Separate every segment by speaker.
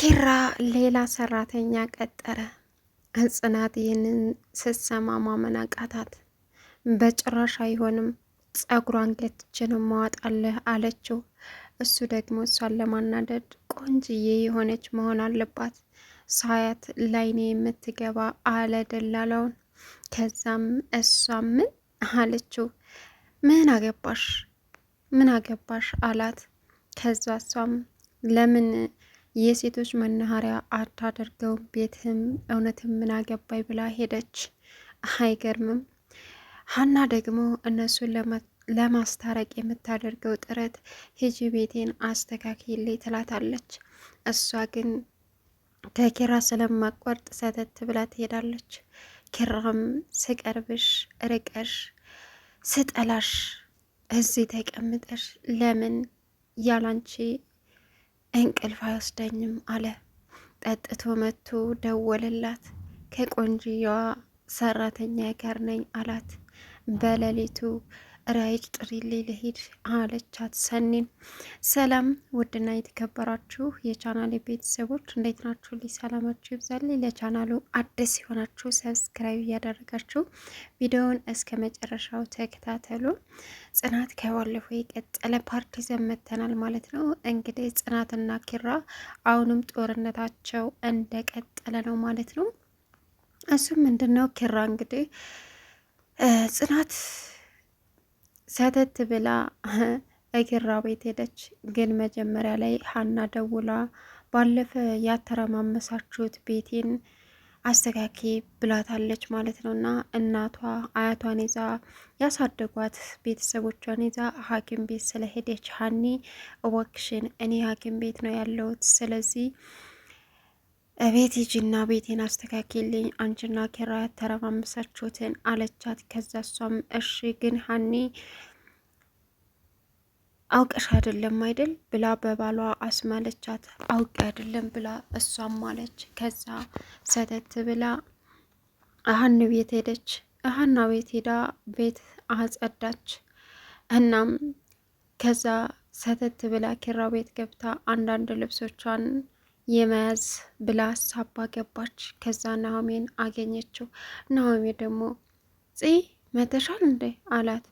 Speaker 1: ኪራ ሌላ ሰራተኛ ቀጠረ። ጽናት ይህንን ስትሰማ ማመን አቃታት። በጭራሽ አይሆንም፣ ጸጉሯን ገትችን ማዋጣለህ አለችው። እሱ ደግሞ እሷን ለማናደድ ቆንጅዬ የሆነች መሆን አለባት ሳያት ላይኔ የምትገባ አለ ደላላውን ከዛም እሷ ምን አለችው? ምን አገባሽ ምን አገባሽ አላት። ከዛ እሷም ለምን የሴቶች መናኸሪያ አታደርገው ቤትህም እውነትም ምን አገባኝ ብላ ሄደች። አይገርምም። ሀና ደግሞ እነሱን ለማስታረቅ የምታደርገው ጥረት ሂጂ ቤቴን አስተካክዬ ትላታለች። እሷ ግን ከኪራ ስለማቋርጥ ሰተት ብላ ትሄዳለች። ኪራም ስቀርብሽ ርቀሽ ስጠላሽ እዚህ ተቀምጠሽ ለምን ያላንቺ እንቅልፍ አይወስደኝም አለ። ጠጥቶ መጥቶ ደወለላት። ከቆንጅየዋ ሰራተኛ ጋር ነኝ አላት። በሌሊቱ ራይድ ጥሪሌ ልሂድ አለቻት ሰኒን። ሰላም ውድና የተከበራችሁ የቻናል ቤተሰቦች እንዴት ናችሁ? ልይ ሰላማችሁ ይብዛል። ለቻናሉ አዲስ የሆናችሁ ሰብስክራይብ እያደረጋችሁ ቪዲዮውን እስከ መጨረሻው ተከታተሉ። ጽናት ከባለፈው የቀጠለ ፓርቲ ዘመተናል ማለት ነው። እንግዲህ ጽናትና ኪራ አሁንም ጦርነታቸው እንደቀጠለ ነው ማለት ነው። እሱም ምንድን ነው ኪራ እንግዲህ ጽናት ሰተት ብላ እኪራ ቤት ሄደች። ግን መጀመሪያ ላይ ሀና ደውላ ባለፈ ያተረማመሳችሁት ቤቴን አስተካኪ ብላታለች ማለት ነው። እና እናቷ አያቷን ይዛ ያሳደጓት ቤተሰቦቿን ይዛ ሐኪም ቤት ስለሄደች ሀኒ እወክሽን እኔ ሐኪም ቤት ነው ያለሁት፣ ስለዚህ ቤት ሂጂና ቤቴን አስተካኪልኝ አንቺና ኪራ ያተረማመሳችሁትን አለቻት። ከዛ እሷም እሺ ግን ሀኒ አውቀሽ አይደለም አይደል ብላ በባሏ አስማለቻት። አውቄ አይደለም ብላ እሷም ማለች። ከዛ ሰተት ብላ አሀን ቤት ሄደች። አሀና ቤት ሄዳ ቤት አጸዳች። እናም ከዛ ሰተት ብላ ኪራ ቤት ገብታ አንዳንድ ልብሶቿን የመያዝ ብላ ሳባ ገባች። ከዛ ናሆሜን አገኘችው። ናሆሜ ደግሞ ጽ መተሻል እንዴ አላት።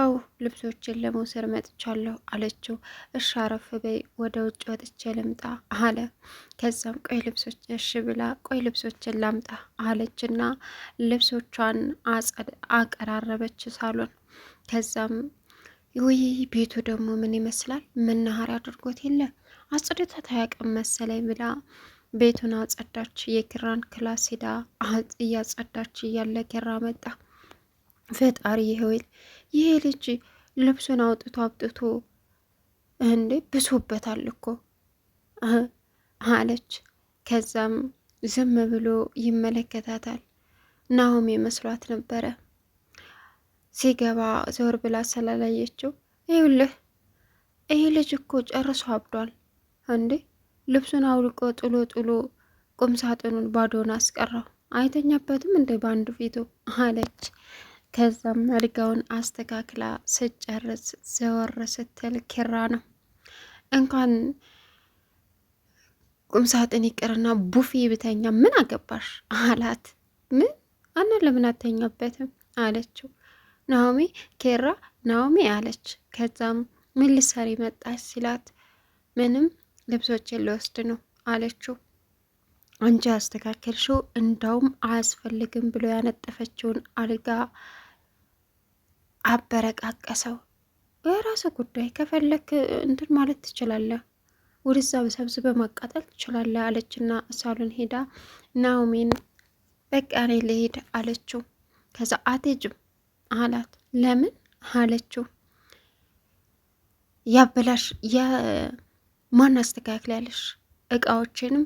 Speaker 1: አው ልብሶችን ለመውሰድ መጥቻለሁ አለችው። እሺ አረፍ በይ ወደ ውጭ ወጥቼ ልምጣ አለ። ከዛም ቆይ ልብሶች እሺ ብላ ቆይ ልብሶችን ላምጣ አለችና ልብሶቿን አቀራረበች ሳሎን። ከዛም ውይ ቤቱ ደግሞ ምን ይመስላል? መናኸሪያ አድርጎት የለ አጽድታ ታያቅም መሰለኝ ብላ ቤቱን አጸዳች። የኪራን ክላስ ሄዳ እያጸዳች እያለ ኪራ መጣ። ፈጣሪ ይህውል ይሄ ልጅ ልብሱን አውጥቶ አብጥቶ እንዴ ብሶበታል እኮ አለች። ከዛም ዝም ብሎ ይመለከታታል። ናሆም መስሏት ነበረ። ሲገባ ዘወር ብላ ስላላየችው ይኸውልህ ይሄ ልጅ እኮ ጨርሶ አብዷል እንዴ ልብሱን አውልቆ ጥሎ ጥሎ ቁምሳጥኑን ባዶን አስቀራው አይተኛበትም እንደ በአንዱ ፊቱ አለች። ከዛም አልጋውን አስተካክላ ስጨርስ ዘወር ስትል ኪራ ነው። እንኳን ቁምሳጥን ይቅርና ቡፌ ብተኛ ምን አገባሽ አላት። ምን አና ለምን አተኛበትም አለችው ናኦሚ። ኬራ ናኦሚ አለች። ከዛም ምን ልትሰሪ መጣች ሲላት ምንም ልብሶችን ልወስድ ነው አለችው። አንቺ አስተካከልሽው እንዳውም አያስፈልግም ብሎ ያነጠፈችውን አልጋ አበረቃቀሰው። የራስ ጉዳይ ከፈለክ እንትን ማለት ትችላለህ፣ ወደዛ በሰብስበ ማቃጠል ትችላለህ አለችና ሳሎን ሄዳ ናኦሚን በቃ እኔ ልሄድ አለችው። ከዛ አትሄጂም አላት። ለምን አለችው። ያበላሽ አስተካከል ያለሽ? እቃዎችንም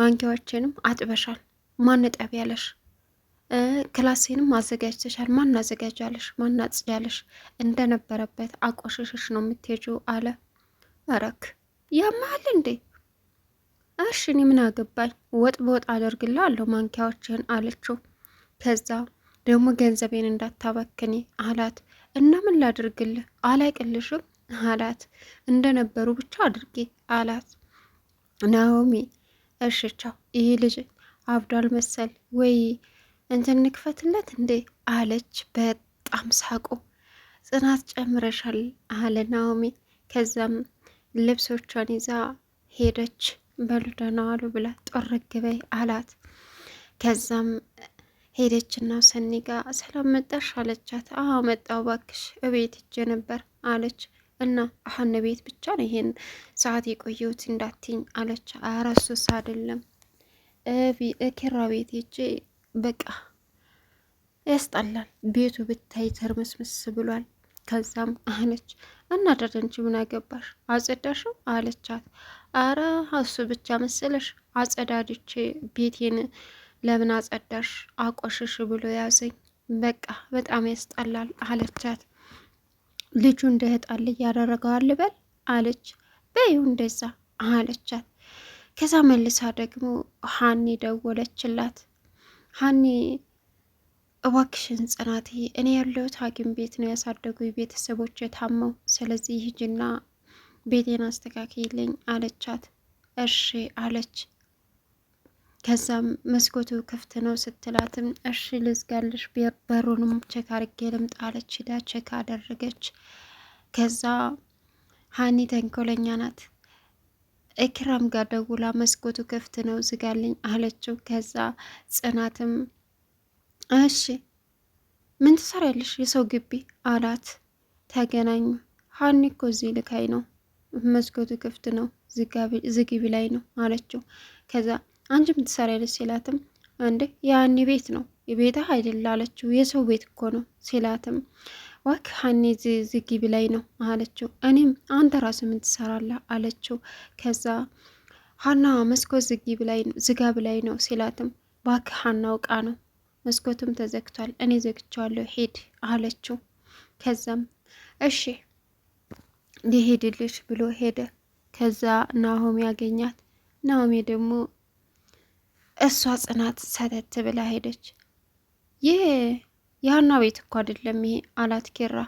Speaker 1: ማንኪያዎችንም አጥበሻል። ማን ያለሽ ክላሴንም አዘጋጅተሻል፣ ማን አዘጋጃለሽ? ማን አጽጃለሽ? እንደነበረበት አቆሸሸሽ ነው የምትሄጂው አለ። መረክ ያማል እንዴ? እሽ እኔ ምን አገባኝ፣ ወጥ በወጥ አለው ማንኪያዎችህን አለችው። ከዛ ደግሞ ገንዘቤን እንዳታባክኔ አላት። እና ምን ላድርግልህ አላይቅልሽም አላት። እንደነበሩ ብቻ አድርጌ አላት። ናኦሚ እሽቻው ይህ ልጅ አብዷል መሰል ወይ እንትን ንክፈትለት እንዴ አለች። በጣም ሳቁ። ጽናት ጨምረሻል አለ ናኦሚ። ከዛም ልብሶቿን ይዛ ሄደች። በሉ ደህና ዋሉ ብላ ጦርግ በይ አላት። ከዛም ሄደችና ሰኒ ጋ ሰላም መጣሽ አለቻት። አዎ መጣው ባክሽ እቤት እጀ ነበር አለች። እና አሁን ቤት ብቻ ነው ይሄን ሰዓት የቆየሁት እንዳትኝ አለች። አረሱስ እሱስ አይደለም እኪራ ቤት ሄጄ በቃ ያስጠላል። ቤቱ ብታይ ተርምስምስ ብሏል። ከዛም አለች እናደር እንጂ ምን አገባሽ አጸዳሽው? አለቻት። አረ እሱ ብቻ መሰለሽ አጸዳድቼ ቤቴን ለምን አጸዳሽ አቆሽሽ ብሎ ያዘኝ። በቃ በጣም ያስጠላል አለቻት። ልጁ እንደ ህጣል እያደረገው አልበል አለች። በዩ እንደዛ አለቻት። ከዛ መልሳ ደግሞ ሀኒ ደወለችላት። ሀኒ እባክሽን ጽናቴ፣ እኔ ያለሁት ሐኪም ቤት ነው ያሳደጉ ቤተሰቦች የታመው ስለዚህ ሂጂና ቤቴን አስተካክይልኝ አለቻት። እሺ አለች። ከዛም መስኮቱ ክፍት ነው ስትላትም እሺ ልዝጋልሽ፣ በሩንም ቼክ አድርጌ ልምጣ አለች። ሂዳ ቼክ አደረገች። ከዛ ሀኒ ተንኮለኛ ናት። እክራም ጋር ደውላ መስኮቱ ክፍት ነው ዝጋልኝ አለችው። ከዛ ጽናትም እሺ ምን ትሰሪያለሽ የሰው ግቢ አላት። ተገናኙ። ሀኒ እኮ እዚህ ልካይ ነው መስኮቱ ክፍት ነው ዝግቢ ላይ ነው አለችው። ከዛ አንቺ ምን ትሰሪያለሽ ሲላትም እንዴ የሀኒ ቤት ነው የቤታ አይደል አለችው። የሰው ቤት እኮ ነው ሲላትም ዋክ ሀኔ ዝግቢ ላይ ነው አለችው። እኔም አንተ ራሱ ምን ትሰራለህ አለችው። ከዛ ሀና መስኮት ዝጊ ላይ ዝጋብ ላይ ነው ሲላትም ባክ ሀና ውቃ ነው መስኮቱም ተዘግቷል፣ እኔ ዘግቻለሁ ሄድ አለችው። ከዛም እሺ ሊሄድልሽ ብሎ ሄደ። ከዛ ናሆም ያገኛት። ናሆሜ ደግሞ እሷ ጽናት ሰተት ብላ ሄደች። ይሄ የሀና ቤት እኮ አይደለም ይሄ አላት ኪራ።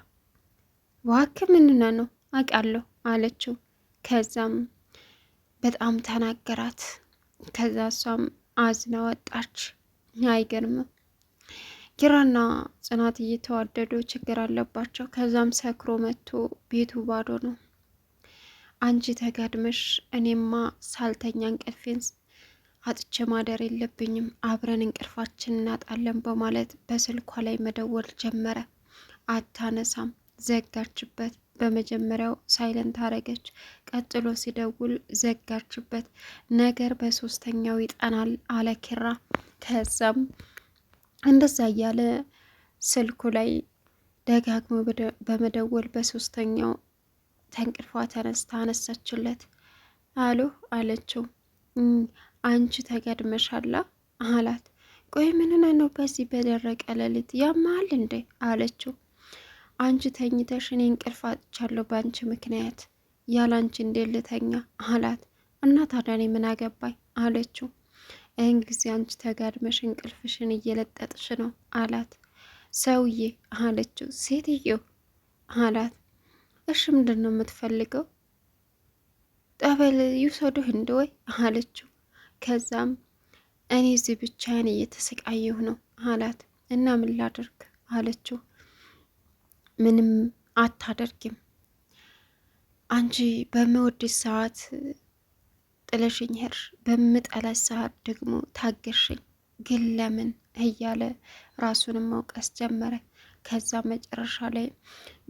Speaker 1: በሕክምና ነው አውቃለሁ አለችው። ከዛም በጣም ተናገራት። ከዛ እሷም አዝና ወጣች። አይገርምም። ኪራና ጽናት እየተዋደዱ ችግር አለባቸው። ከዛም ሰክሮ መጥቶ ቤቱ ባዶ ነው። አንቺ ተጋድመሽ እኔማ ሳልተኛ እንቅልፌን አጥቼ ማደር የለብኝም አብረን እንቅልፋችን እናጣለን በማለት በስልኳ ላይ መደወል ጀመረ። አታነሳም፣ ዘጋችበት። በመጀመሪያው ሳይለንት አረገች፣ ቀጥሎ ሲደውል ዘጋችበት። ነገር በሶስተኛው ይጠናል አለ ኪራ። ከዛም እንደዛ እያለ ስልኩ ላይ ደጋግሞ በመደወል በሶስተኛው ተንቅልፏ ተነስታ አነሳችለት። አሉ አለችው አንቺ ተገድመሻላ አላት። ቆይ ምንነ ነው በዚህ በደረቀ ሌሊት ያመሃል እንዴ አለችው። አንቺ ተኝተሽ እኔ እንቅልፍ አጥቻለሁ በአንቺ ምክንያት ያለ አንቺ እንዴት ልተኛ አላት። እና ታዲያ እኔ ምን አገባኝ አለችው። ይህን ጊዜ አንቺ ተጋድመሽ እንቅልፍሽን እየለጠጥሽ ነው አላት። ሰውዬ አለችው። ሴትዮ አላት። እሺ ምንድን ነው የምትፈልገው? ጠበል ይውሰዱህ እንደ ወይ አለችው። ከዛም እኔ እዚህ ብቻዬን እየተሰቃየሁ ነው አላት። እና ምን ላደርግ አለችው። ምንም አታደርግም! አንቺ በምወድሽ ሰዓት ጥለሽኝ ሄድሽ፣ በምጠላሽ ሰዓት ደግሞ ታገሽኝ። ግን ለምን እያለ ራሱንም መውቀስ ጀመረ። ከዛ መጨረሻ ላይ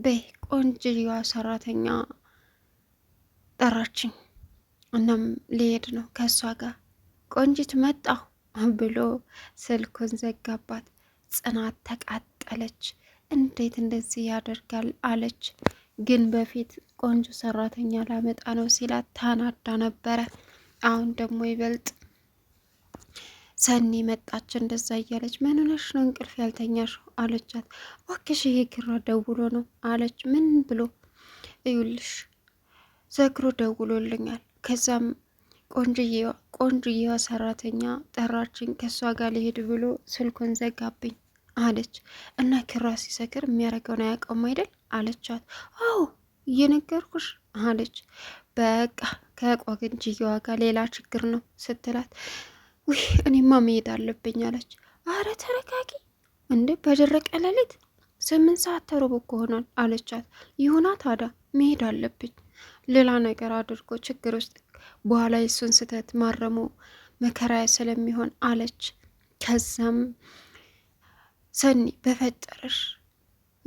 Speaker 1: በይ ቆንጅዬዋ ሰራተኛ ጠራችኝ፣ እናም ሊሄድ ነው ከእሷ ጋር ቆንጂት መጣሁ ብሎ ስልኩን ዘጋባት። ጽናት ተቃጠለች። እንዴት እንደዚህ ያደርጋል አለች። ግን በፊት ቆንጆ ሰራተኛ ላመጣ ነው ሲላት ታናዳ ነበረ። አሁን ደግሞ ይበልጥ ሰኒ መጣች። እንደዛ እያለች ምን ሆነሽ ነው እንቅልፍ ያልተኛሽ አለቻት። ዋክሽ ይሄ ኪራ ደውሎ ነው አለች። ምን ብሎ? እዩልሽ ዘክሮ ደውሎልኛል። ከዛም ቆንጅዬዋ ሰራተኛ ጠራችኝ ከእሷ ጋር ሊሄድ ብሎ ስልኩን ዘጋብኝ አለች። እና ኪራ ሲሰክር የሚያደርገውን አያውቀውም አይደል አለቻት። አዎ እየነገርኩሽ አለች። በቃ ከቆንጅዬዋ ጋር ሌላ ችግር ነው ስትላት፣ ውይ እኔማ መሄድ አለብኝ አለች። አረ ተረጋጊ እንዴ በደረቀ ሌሊት ስምንት ሰዓት ተሩብ እኮ ሆኗል አለቻት። ይሁና ታዲያ መሄድ አለብኝ ሌላ ነገር አድርጎ ችግር ውስጥ በኋላ የሱን ስህተት ማረሙ መከራ ስለሚሆን አለች። ከዛም ሰኒ በፈጠረሽ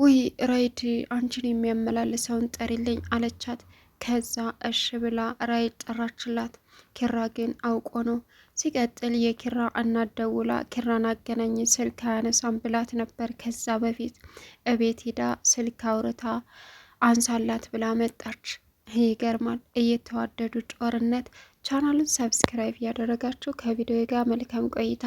Speaker 1: ውይ ራይድ አንቺን የሚያመላልሰውን ጠሪልኝ አለቻት። ከዛ እሽ ብላ ራይድ ጠራችላት። ኪራ ግን አውቆ ነው። ሲቀጥል የኪራ እናደውላ ኪራን አገናኝ ስልክ አያነሳም ብላት ነበር። ከዛ በፊት እቤት ሂዳ ስልክ አውርታ አንሳላት ብላ መጣች። ይገርማል። እየተዋደዱ ጦርነት። ቻናሉን ሰብስክራይብ እያደረጋችሁ ከቪዲዮ ጋር መልካም ቆይታ